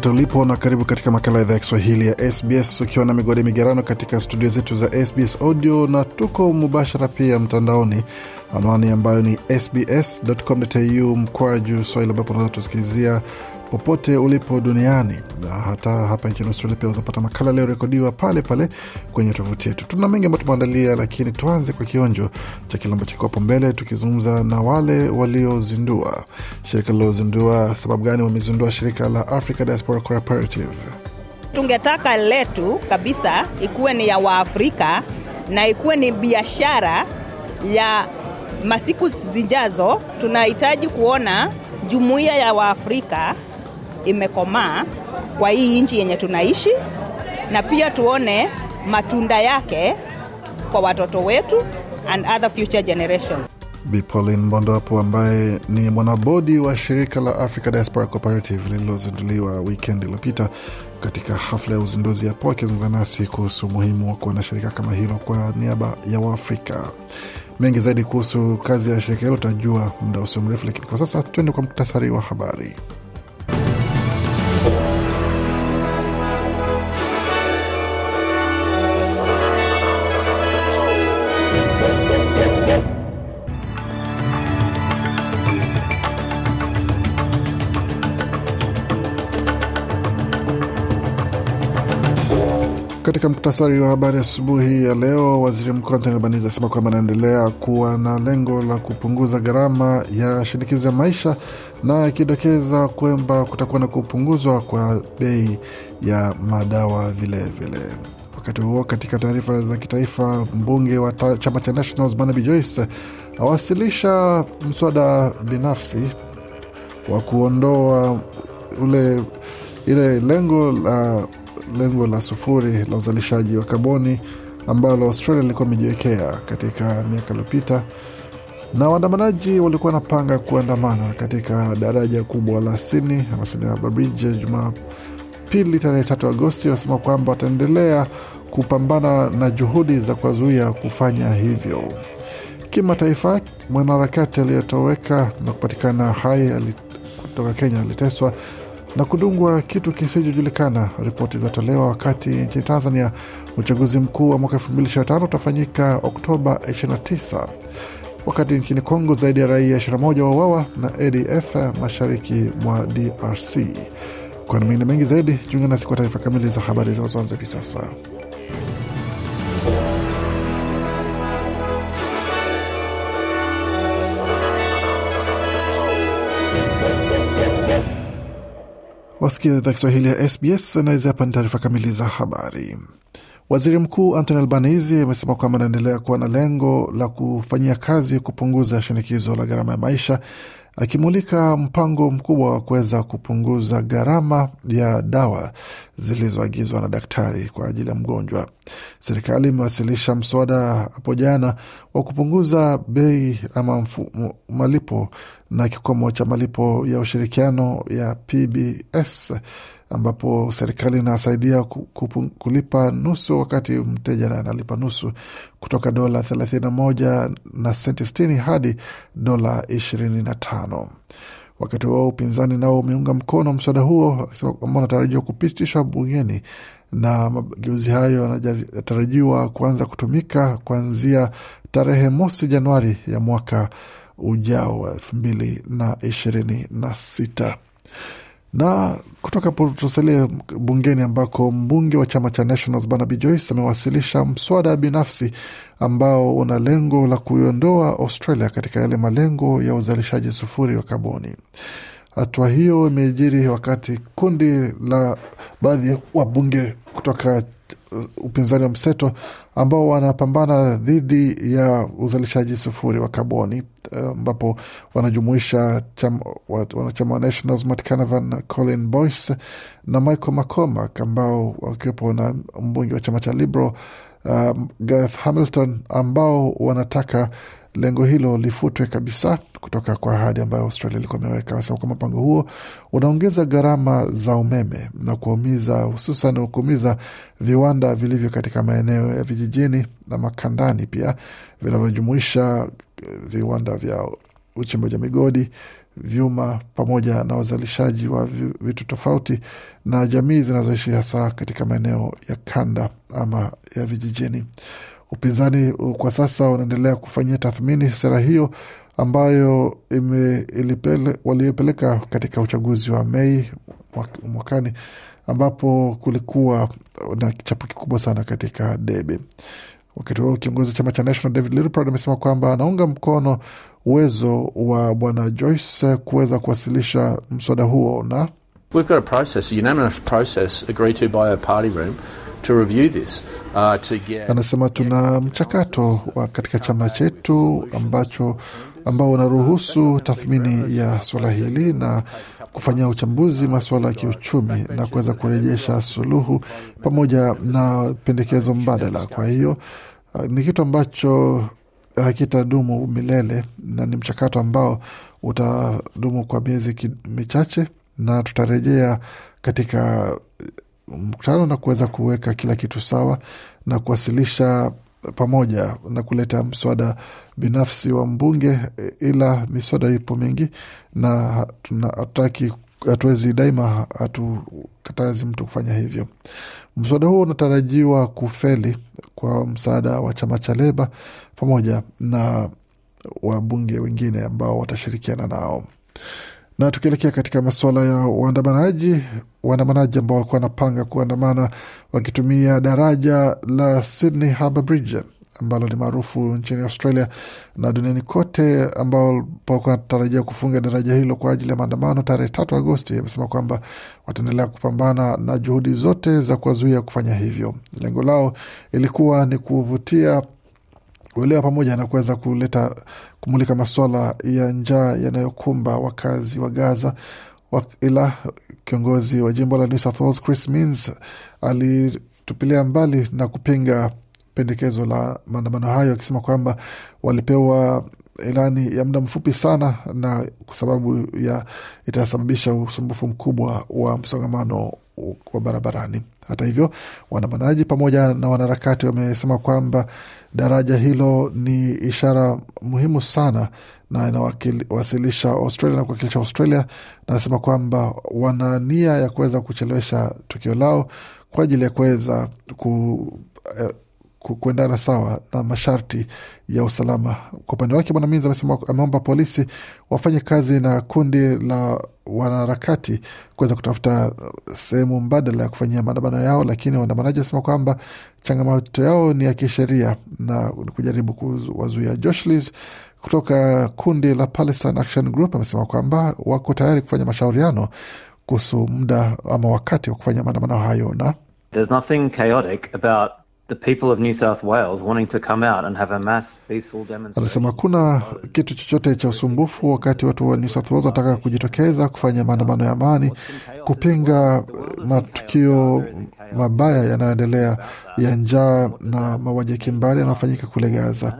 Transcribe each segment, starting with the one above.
popote ulipo na karibu katika makala idhaa ya Kiswahili ya SBS ukiwa na migode migerano katika studio zetu za SBS audio na tuko mubashara pia mtandaoni anwani ambayo ni sbs.com.au mkwaju swahili ambapo unaweza tusikilizia popote ulipo duniani na hata hapa nchini Australia pia uzapata makala aliyorekodiwa pale pale kwenye tovuti yetu. Tuna mengi ambayo tumeandalia, lakini tuanze kwa kionjo cha kile ambacho kiko hapo mbele, tukizungumza na wale waliozindua shirika lilozindua. Sababu gani wamezindua shirika la Africa Diaspora Cooperative? Tungetaka letu kabisa ikuwe ni ya Waafrika na ikuwe ni biashara ya masiku zijazo. Tunahitaji kuona jumuiya ya Waafrika imekomaa kwa hii nchi yenye tunaishi, na pia tuone matunda yake kwa watoto wetu and other future generations. Bipolin Mbondo hapo ambaye ni mwanabodi wa shirika la Africa Diaspora Cooperative lililozinduliwa wikendi iliyopita katika hafla ya uzinduzi hapo, akizungumza nasi kuhusu umuhimu wa kuwa na shirika kama hilo kwa niaba ya Waafrika. Mengi zaidi kuhusu kazi ya shirika hilo tutajua muda usio mrefu, lakini kwa sasa tuende kwa muktasari wa habari. muktasari wa habari asubuhi ya leo, waziri mkuu Antoni Albanizi asema kwamba anaendelea kuwa na lengo la kupunguza gharama ya shinikizo ya maisha na akidokeza kwamba kutakuwa na kupunguzwa kwa bei ya madawa vilevile vile. Wakati huo katika taarifa za kitaifa, mbunge wa ta, chama cha Nationals Barnaby Joyce awasilisha mswada binafsi wa kuondoa ule ile lengo la uh, lengo la sufuri la uzalishaji wa kaboni ambalo Australia ilikuwa imejiwekea katika miaka iliyopita, na waandamanaji walikuwa wanapanga kuandamana katika daraja kubwa la Sydney ama Sydney Harbour Bridge Jumapili tarehe 3 Agosti, wanasema kwamba wataendelea kupambana na juhudi za kuwazuia kufanya hivyo. Kimataifa, mwanaharakati aliyetoweka na kupatikana hai kutoka Kenya aliteswa na kudungwa kitu kisichojulikana. Ripoti zatolewa wakati nchini Tanzania uchaguzi mkuu wa mwaka 2025 utafanyika Oktoba 29, wakati nchini Kongo zaidi ya raia 21 wauawa na ADF mashariki mwa DRC. Kwa mengine mengi zaidi, jiunge nasi kwa taarifa kamili za habari zinazoanza hivi sasa. Wasikia idhaa Kiswahili ya SBS na hizi hapa ni taarifa kamili za habari. Waziri Mkuu Anthony Albanese amesema kwamba anaendelea kuwa na lengo la kufanyia kazi kupunguza shinikizo la gharama ya maisha akimulika mpango mkubwa wa kuweza kupunguza gharama ya dawa zilizoagizwa na daktari kwa ajili ya mgonjwa. Serikali imewasilisha mswada hapo jana wa kupunguza bei ama mfu, malipo na kikomo cha malipo ya ushirikiano ya PBS ambapo serikali inasaidia kulipa nusu, wakati mteja analipa nusu, kutoka dola 31 na senti 60 hadi dola 25. Wakati huo upinzani nao umeunga mkono mswada huo ambao unatarajiwa kupitishwa bungeni, na mageuzi hayo yanatarajiwa kuanza kutumika kuanzia tarehe mosi Januari ya mwaka ujao wa elfu mbili na ishirini na sita. Na kutoka hapo tusalie bungeni ambako mbunge wa chama cha Nationals Barnaby Joyce amewasilisha mswada binafsi ambao una lengo la kuiondoa Australia katika yale malengo ya uzalishaji sufuri wa kaboni. Hatua hiyo imejiri wakati kundi la baadhi ya wabunge kutoka Eh, upinzani wa mseto ambao wanapambana dhidi ya uzalishaji sufuri wa kaboni eh, ambapo wanajumuisha wanachama wa National Smart Caravan Colin Boyce na Michael McCormack ambao wakiwepo na mbunge wa chama cha Liberal um, Hamilton ambao wanataka lengo hilo lifutwe kabisa kutoka kwa ahadi ambayo Australia ilikuwa imeweka. Sasa kwa mpango huo unaongeza gharama za umeme na kuumiza, hususan kuumiza viwanda vilivyo katika maeneo ya vijijini na makandani, pia vinavyojumuisha eh, viwanda vya uchimbaji wa migodi vyuma pamoja na uzalishaji wa vitu tofauti na jamii zinazoishi hasa katika maeneo ya kanda ama ya vijijini. Upinzani kwa sasa wanaendelea kufanyia tathmini sera hiyo ambayo waliyopeleka katika uchaguzi wa Mei mwakani ambapo kulikuwa na kichapo kikubwa sana katika debe. Wakati huo kiongozi wa chama cha National David Littleproud amesema kwamba anaunga mkono uwezo wa bwana Joyce kuweza kuwasilisha mswada huo na We've got a process, a unanimous process agreed to by our party room to review this, uh, to get... Anasema tuna mchakato wa katika chama chetu ambacho ambao unaruhusu tathmini ya suala hili na kufanyia uchambuzi masuala ya kiuchumi na kuweza kurejesha suluhu pamoja na pendekezo mbadala. Kwa hiyo uh, ni kitu ambacho hakitadumu milele na ni mchakato ambao utadumu kwa miezi michache, na tutarejea katika mkutano na kuweza kuweka kila kitu sawa na kuwasilisha pamoja na kuleta mswada binafsi wa mbunge, ila miswada ipo mingi na hatutaki hatuwezi daima, hatukatazi mtu kufanya hivyo. Mswada huo unatarajiwa kufeli kwa msaada wa chama cha Leba pamoja na wabunge wengine ambao watashirikiana nao. Na tukielekea katika masuala ya uandamanaji, waandamanaji ambao walikuwa wanapanga kuandamana wakitumia daraja la Sydney Harbour Bridge ambalo ni maarufu nchini Australia na duniani kote, ambao wanatarajia kufunga daraja hilo kwa ajili ya maandamano tarehe tatu Agosti, amesema kwamba wataendelea kupambana na juhudi zote za kuwazuia kufanya hivyo. Lengo lao ilikuwa ni kuvutia uelewa pamoja na kuweza kuleta kumulika masuala ya njaa yanayokumba wakazi wa Gaza ila kiongozi wa jimbo la New South Wales Chris Minns alitupilia mbali na kupinga pendekezo la maandamano hayo akisema kwamba walipewa ilani ya muda mfupi sana na kwa sababu ya itasababisha usumbufu mkubwa wa msongamano wa barabarani. Hata hivyo, waandamanaji pamoja na wanaharakati wamesema kwamba daraja hilo ni ishara muhimu sana na inawasilisha Australia na kuwakilisha Australia, na anasema kwamba wana nia ya kuweza kuchelewesha tukio lao kwa ajili ya kuweza ku eh, kuendana sawa na masharti ya usalama. Kwa upande wake, Bwana Minza amesema ameomba polisi wafanye kazi na kundi la wanaharakati kuweza kutafuta uh, sehemu mbadala ya kufanyia maandamano yao, lakini waandamanaji wanasema kwamba changamoto yao ni ya kisheria na kujaribu kuwazuia. Joshlis kutoka kundi la Palestine Action Group amesema kwamba wako tayari kufanya mashauriano kuhusu muda ama wakati wa kufanya maandamano hayo na Anasema kuna kitu chochote cha usumbufu wakati watu wa New South Wales wanataka kujitokeza kufanya maandamano ya amani kupinga matukio mabaya yanayoendelea ya njaa na mauaji ya kimbari yanayofanyika kule Gaza,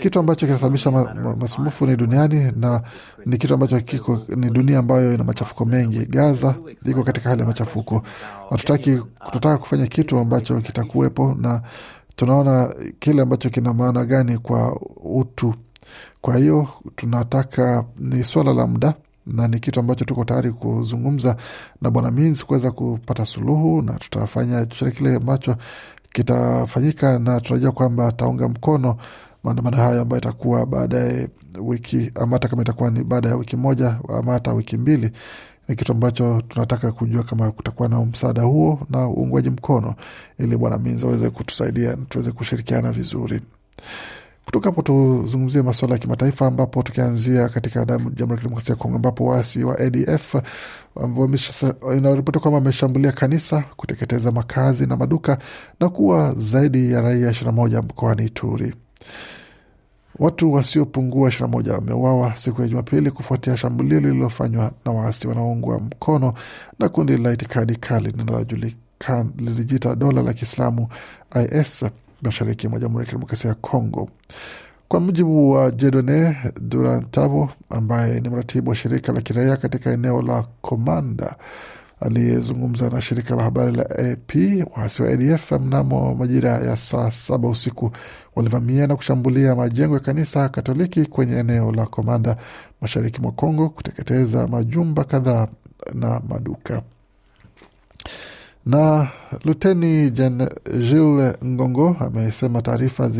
kitu ambacho kinasababisha ma, ma, masumbufu ni duniani na ni kitu ambacho kiko ni dunia ambayo ina machafuko mengi. Gaza iko katika hali ya machafuko, hatutaki tunataka kufanya kitu ambacho kitakuwepo, na tunaona kile ambacho kina maana gani kwa utu. Kwa hiyo tunataka ni swala la muda na ni kitu ambacho tuko tayari kuzungumza na Bwana Mins kuweza kupata suluhu, na tutafanya chochote kile ambacho kitafanyika, na tunajua kwamba ataunga mkono maandamano hayo ambayo itakuwa baadaye wiki ama hata kama itakuwa ni baada ya wiki moja ama hata wiki mbili ni kitu ambacho tunataka kujua kama kutakuwa na msaada huo na uungwaji mkono, ili Bwana Minza aweze kutusaidia tuweze kushirikiana vizuri. Kutoka hapo tuzungumzie masuala ya kimataifa, ambapo tukianzia katika Jamhuri ya Kidemokrasia ya Kongo, ambapo waasi wa ADF um, inaripotiwa kwamba wameshambulia kanisa, kuteketeza makazi na maduka na kuwa zaidi ya raia 21 mkoani Ituri. Watu wasiopungua 21 wameuawa siku ya Jumapili kufuatia shambulio lililofanywa na waasi wanaoungwa mkono na kundi la itikadi kali lilijita dola la Kiislamu IS mashariki mwa Jamhuri ya Kidemokrasia ya Kongo. Kwa mujibu wa Jedone Durantabo ambaye ni mratibu wa shirika la kiraia katika eneo la Komanda aliyezungumza na shirika la habari la AP, waasi wa ADF mnamo majira ya saa saba usiku walivamia na kushambulia majengo ya kanisa Katoliki kwenye eneo la Komanda mashariki mwa Kongo, kuteketeza majumba kadhaa na maduka. Na Luteni jil Ngongo amesema taarifa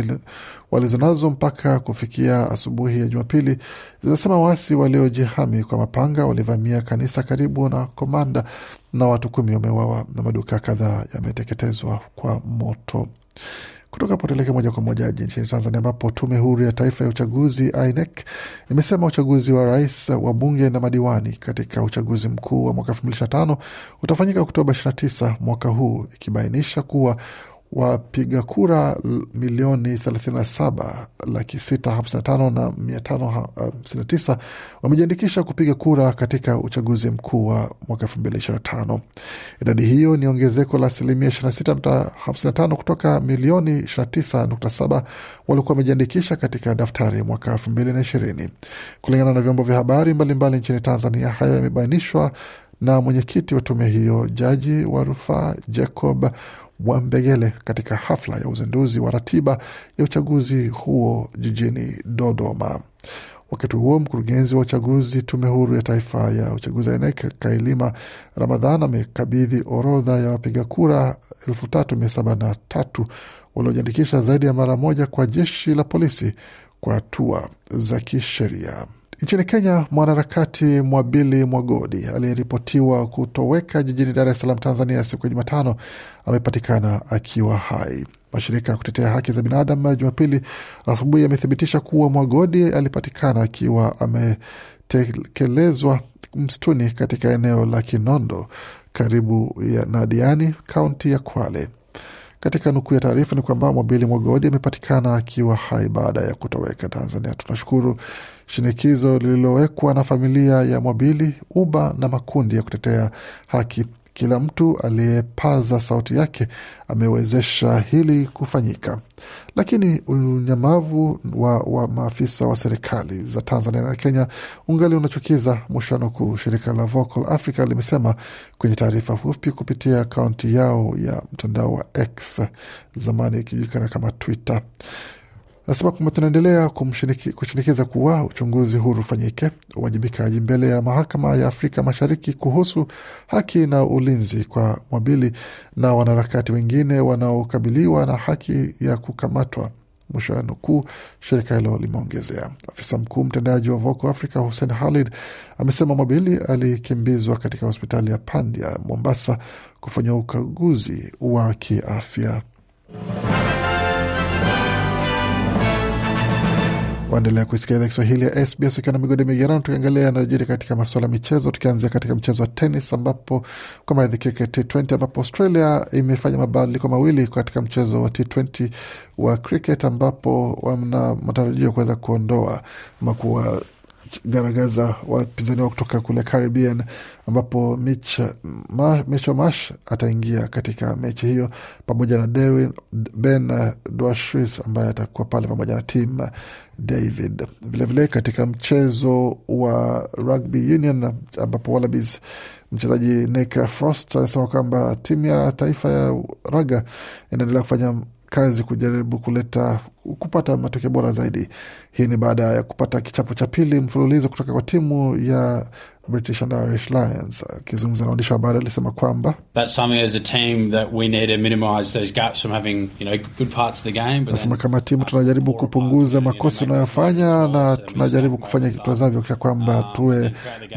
walizonazo mpaka kufikia asubuhi ya Jumapili zinasema waasi waliojihami kwa mapanga walivamia kanisa karibu na Komanda na watu kumi wameuawa na maduka kadhaa yameteketezwa kwa moto. Kutoka hapo tuelekee moja kwa moja nchini Tanzania, ambapo Tume Huru ya Taifa ya Uchaguzi INEC imesema uchaguzi wa rais, wa bunge na madiwani katika uchaguzi mkuu wa mwaka elfu mbili ishirini na tano utafanyika Oktoba 29 mwaka huu, ikibainisha kuwa wapiga kura milioni 37 laki 655 na 559 wamejiandikisha kupiga kura katika uchaguzi mkuu wa mwaka 2025. Idadi hiyo ni ongezeko la asilimia 26.55 kutoka milioni 29.7 waliokuwa wamejiandikisha katika daftari mwaka 2020, kulingana na vyombo vya habari mbalimbali nchini Tanzania. Hayo yamebainishwa na mwenyekiti wa tume hiyo, jaji wa rufaa Jacob Mwambegele katika hafla ya uzinduzi wa ratiba ya uchaguzi huo jijini Dodoma. Wakati huo mkurugenzi wa uchaguzi Tume Huru ya Taifa ya Uchaguzi INEC Kailima Ramadhan amekabidhi orodha ya wapiga kura tatu waliojiandikisha zaidi ya mara moja kwa jeshi la polisi kwa hatua za kisheria. Nchini Kenya, mwanaharakati Mwabili Mwagodi aliyeripotiwa kutoweka jijini Dar es Salaam, Tanzania, siku ya Jumatano amepatikana akiwa hai. Mashirika ya kutetea haki za binadamu Jumapili asubuhi yamethibitisha kuwa Mwagodi alipatikana akiwa ametekelezwa msituni katika eneo la Kinondo karibu na Diani, kaunti ya Kwale. Katika nukuu ya taarifa ni kwamba Mwambili Mwagodi amepatikana akiwa hai baada ya kutoweka Tanzania. Tunashukuru shinikizo lililowekwa na familia ya Mwambili, UBA na makundi ya kutetea haki kila mtu aliyepaza sauti yake amewezesha hili kufanyika, lakini unyamavu wa, wa maafisa wa serikali za Tanzania na Kenya ungali unachukiza. Mwishano kuu shirika la Vocal Africa limesema kwenye taarifa fupi kupitia akaunti yao ya mtandao wa X, zamani ikijulikana kama Twitter. Anasema kwamba tunaendelea kushinikiza kuwa uchunguzi huru ufanyike, uwajibikaji mbele ya mahakama ya Afrika Mashariki kuhusu haki na ulinzi kwa mwabili na wanaharakati wengine wanaokabiliwa na haki ya kukamatwa. Mwisho ya nukuu, shirika hilo limeongezea. Afisa mkuu mtendaji wa Voko Africa Hussein Khalid amesema Mwabili alikimbizwa katika hospitali ya Pandya Mombasa kufanya ukaguzi wa kiafya. Waendelea kuisikia idhaa Kiswahili ya SBS ukiwa na migodi migerano, tukiangalia yanayojiri katika masuala ya michezo, tukianzia katika mchezo wa tenis ambapo kwa mradhi cricket T20 ambapo Australia imefanya mabadiliko mawili katika mchezo wa T20 wa cricket ambapo wana matarajio kuweza kuondoa makuwa garagaza wapinzani wao kutoka kule Caribbean, ambapo Mitch ma, Mitchell Marsh ataingia katika mechi hiyo pamoja na Devin, Ben Dwashis ambaye atakuwa pale pamoja na Tim David. Vilevile vile katika mchezo wa rugby union ambapo Wallabies mchezaji Nick Frost anasema kwamba timu ya taifa ya raga inaendelea kufanya kazi kujaribu kuleta kupata matokeo bora zaidi. Hii ni baada ya kupata kichapo cha pili mfululizo kutoka kwa timu ya British and Irish Lions. Akizungumza na waandishi wa habari alisema kwamba nasema kama timu tunajaribu kupunguza makosa tunayofanya na tunajaribu kufanya tuwezavyo kisha kwamba ah, tuwe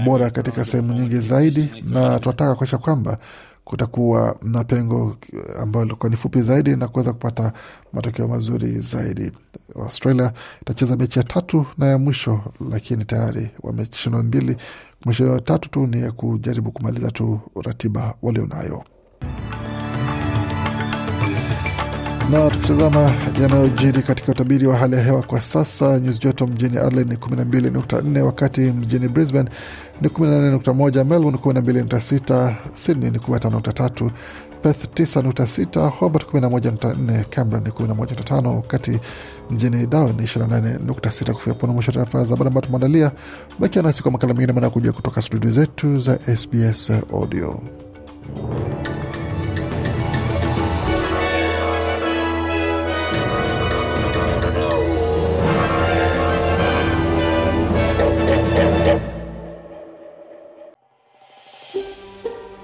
bora katika sehemu nyingi zaidi, na tunataka kuakisha kwamba kutakuwa na pengo ambayo litakuwa ni fupi zaidi na kuweza kupata matokeo mazuri zaidi. Australia itacheza mechi ya tatu na ya mwisho, lakini tayari wameshinda mbili. Mwisho ya tatu tu ni ya kujaribu kumaliza tu ratiba walionayo. Na tukitazama yanayojiri katika utabiri wa hali ya hewa kwa sasa, nyuzi joto mjini Adelaide ni 12.4, wakati mjini Brisbane ni 14.1, Melbourne 12.6, Sydney ni 15.3, Perth 9.6, Hobart 11.4, Canberra ni 11.5, wakati mjini Darwin ni 28.6. Kufika pona mwisho taarifa za habari ambayo tumeandalia. Bakia nasi kwa makala mengine manakuja kutoka studio zetu za SBS Audio.